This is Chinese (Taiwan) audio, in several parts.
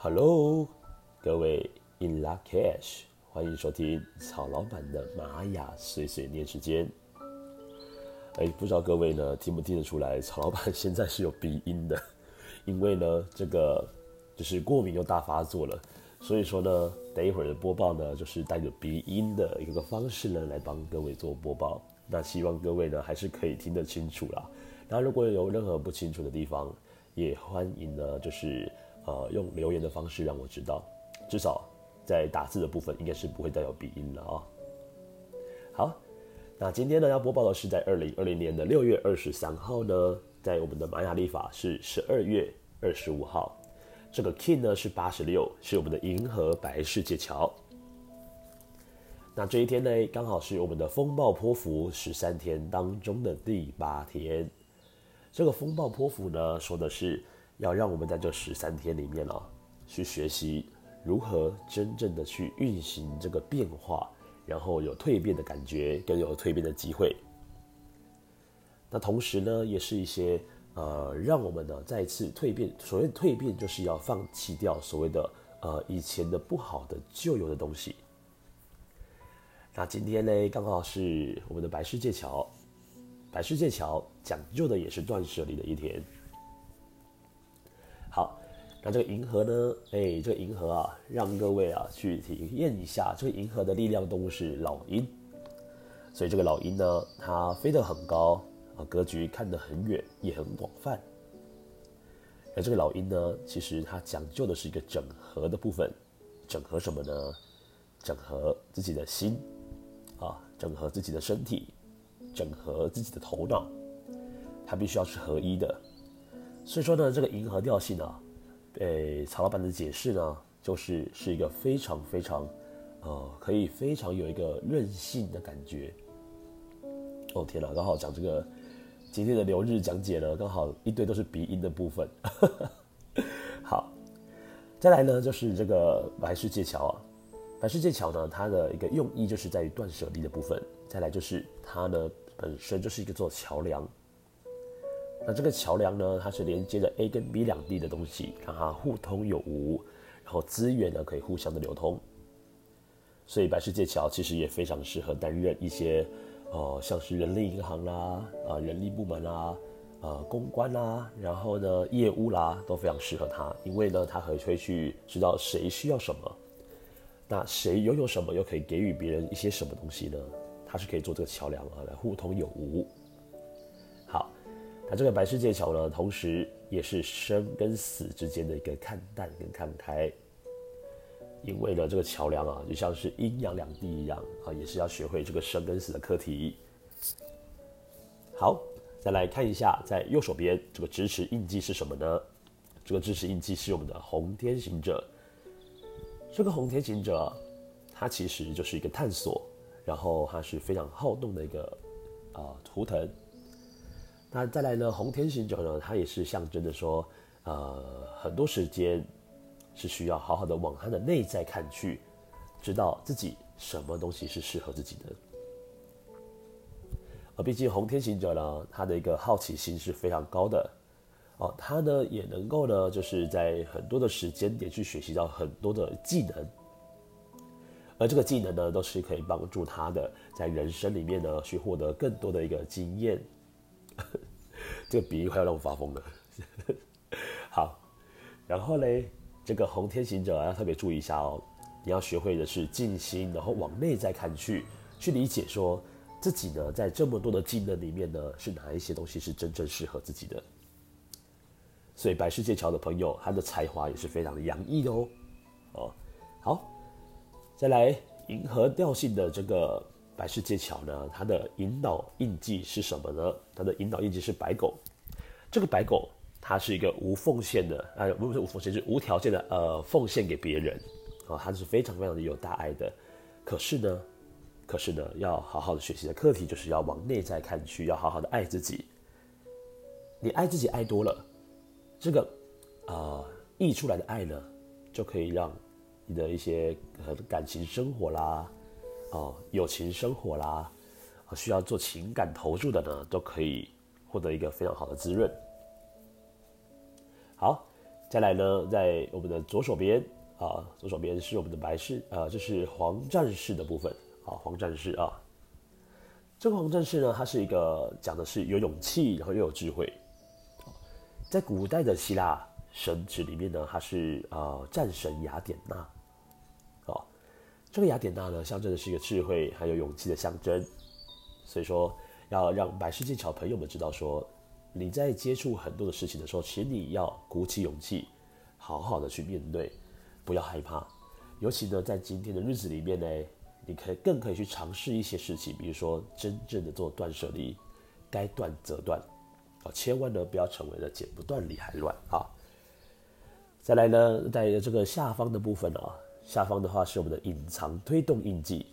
Hello，各位 In Lak'ech，歡迎收聽曹老板的瑪雅碎碎念時間。哎，不知道各位呢聽不聽得出來，曹老板現在是有鼻音的，因為呢這個就是過敏又大發作了，所以說呢，等一會兒的播報呢就是帶着鼻音的一個方式呢來幫各位做播報。那希望各位呢還是可以聽得清楚啦。那如果有任何不清楚的地方，也歡迎呢就是。呃，用留言的方式讓我知道，至少在打字的部分應該是不會帶有鼻音了啊、哦。好，那今天呢要播報的是在二零二零年的六月二十三號呢，在我們的瑪雅曆法是十二月二十五號，這個 Kin 呢是八十六，是我們的銀河白世界橋。那這一天呢，剛好是我們的風暴波符十三天當中的第八天。這個風暴波符呢，說的是。要讓我們在這十三天裡面呢、啊，去學習如何真正的去運行這個變化，然後有蛻變的感覺，跟有蛻變的機會。那同時呢，也是一些呃，讓我們呢再次蛻變。所謂蛻變，就是要放棄掉所謂的呃以前的不好的舊有的東西。那今天呢，剛好是我們的白世界橋，白世界橋講究的也是斷舍離的一天。啊、這個銀河呢？哎，這個銀河啊，讓各位啊去體驗一下。這個銀河的力量動物是老鷹，所以這個老鷹呢，它飛得很高啊，格局看得很遠，也很廣泛。而這個老鷹呢，其實它講究的是一個整合的部分，整合什麼呢？整合自己的心啊，整合自己的身體，整合自己的頭腦，它必須要是合一的。所以說呢，這個銀河調性呢、啊。誒，曹老板的解釋呢，就是是一個非常非常，呃，可以非常有一個任性的感覺。哦天吶，剛好講這個今天的流日講解呢，剛好一堆都是鼻音的部分。 好，再來呢就是這個白世界橋啊，白世界橋呢，它的一個用意就是在於斷捨離的部分，再來就是它呢本身就是一個做橋梁。那這個橋樑呢，它是連接着 A 跟 B 兩地的東西，讓它互通有無，然後資源呢可以互相的流通。所以白世界橋其實也非常適合擔任一些，呃，像是人力銀行啦、啊、呃、人力部門啊、呃公關啦，然後呢業務啦，都非常適合它，因為呢它可以去知道誰需要什麼，那誰擁有什麼又可以給予別人一些什麼東西呢？它是可以做這個橋樑啊，來互通有無。那、啊、這個白世界橋呢，同時也是生跟死之間的一個看淡跟看開，因為呢這個橋樑啊，就像是陰陽兩地一樣啊，也是要學會這個生跟死的課題。好，再來看一下，在右手邊這個支持印記是什麼呢？這個支持印記是我們的紅天行者。這個紅天行者，它其實就是一個探索，然後它是非常好動的一個啊、呃、圖騰。那再來呢，紅天行者呢，他也是象徵的說，呃，很多時間是需要好好的往他的內在看去，知道自己什麼東西是適合自己的。而畢竟紅天行者呢，他的一個好奇心是非常高的，哦，他呢也能夠呢，就是在很多的時間點去學習到很多的技能，而這個技能呢，都是可以幫助他的，在人生裡面呢，去獲得更多的一個經驗。 這個鼻音快要讓我發瘋了。 好，然後呢，這個紅天行者要特別注意一下哦，你要學會的是靜心，然後往內在看去，去理解說自己呢，在這麼多的技能裡面呢，是哪一些東西是真正適合自己的。所以白世界橋的朋友，他的才華也是非常的洋溢哦。哦，好，再來銀河調性的這個。白世界橋呢？它的引導印記是什麼呢？它的引導印記是白狗。這個白狗，它是一個無奉獻的，呃，不是無奉獻，是無條件的，呃，奉獻給別人。啊、呃，它是非常非常的有大愛的。可是呢，可是呢，要好好的學習的課題，就是要往內在看去，要好好的愛自己。你愛自己愛多了，這個，啊、呃，溢出來的愛呢，就可以讓你的一些感情生活啦。哦，友情生活啦，需要做情感投注的呢，都可以獲得一個非常好的滋潤。好，再來呢，在我們的左手邊啊、哦，左手邊是我們的白獅，呃，這、就是黃戰士的部分啊、哦，黃戰士啊，這個黃戰士呢，它是一個講的是有勇氣，然後又有智慧，在古代的希臘神祇裡面呢，它是啊、呃，戰神雅典娜。這個雅典娜呢，象徵的是一個智慧還有勇氣的象徵，所以說要讓白世界小朋友們知道說，說你在接觸很多的事情的時候，請你要鼓起勇氣，好好的去面對，不要害怕。尤其呢，在今天的日子裡面呢，你可以更可以去嘗試一些事情，比如說真正的做斷捨離，該斷則斷，啊、哦，千萬呢不要成為了剪不斷理還亂啊。再來呢，在這個下方的部分啊。下方的話是我們的隱藏推動印記，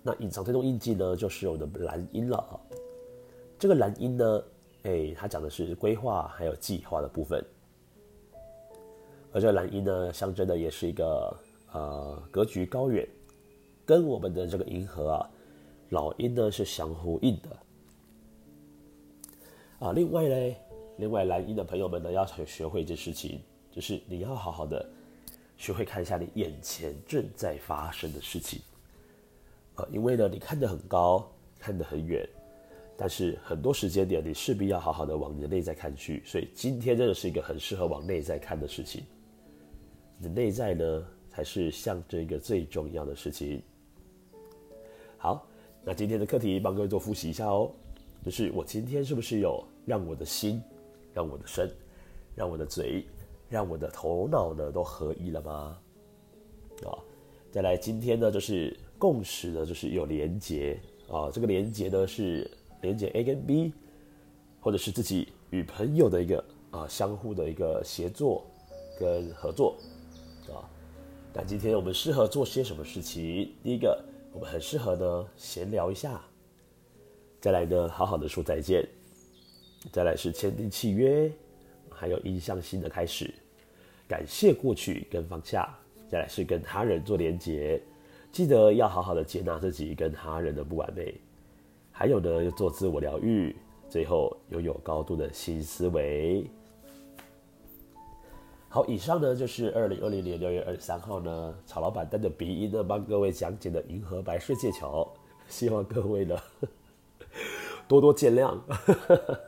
那隱藏推動印記呢，就是我們的藍鷹了啊。這個藍鷹呢，哎、欸，它講的是規劃還有計劃的部分，而這個藍鷹呢，象徵的也是一個呃格局高遠，跟我們的這個銀河啊，老鷹呢是相呼應的啊。另外呢，另外藍鷹的朋友們呢，要學會一件事情，就是你要好好的。學會看一下你眼前正在發生的事情，呃，因為呢，你看得很高，看得很遠，但是很多時間點，你勢必要好好的往你的內在看去。所以今天真的是一個很適合往內在看的事情。你的內在呢，才是象徵一個最重要的事情。好，那今天的課題幫各位做複習一下哦，就是我今天是不是有讓我的心，讓我的身，讓我的嘴，讓我的頭腦呢都合一了嗎？啊、哦，再來今天呢就是共識的，就是有連結啊、哦，這個連結呢是連結 A 跟 B，或者是自己與朋友的一個啊相互的一個協作跟合作，啊、哦，那今天我們適合做些什麼事情？第一個，我們很適合呢閒聊一下，再來呢好好的說再見，再來是簽訂契約。還有邁向新的開始，感謝過去跟放下，再來是跟他人做連結，記得要好好的接納自己跟他人的不完美，還有呢，要做自我療癒，最後擁有高度的新思維。好，以上呢就是二零二零年六月二十三號呢，曹老闆帶着鼻音呢幫各位講解的《銀河白世界橋》，希望各位呢多多見諒。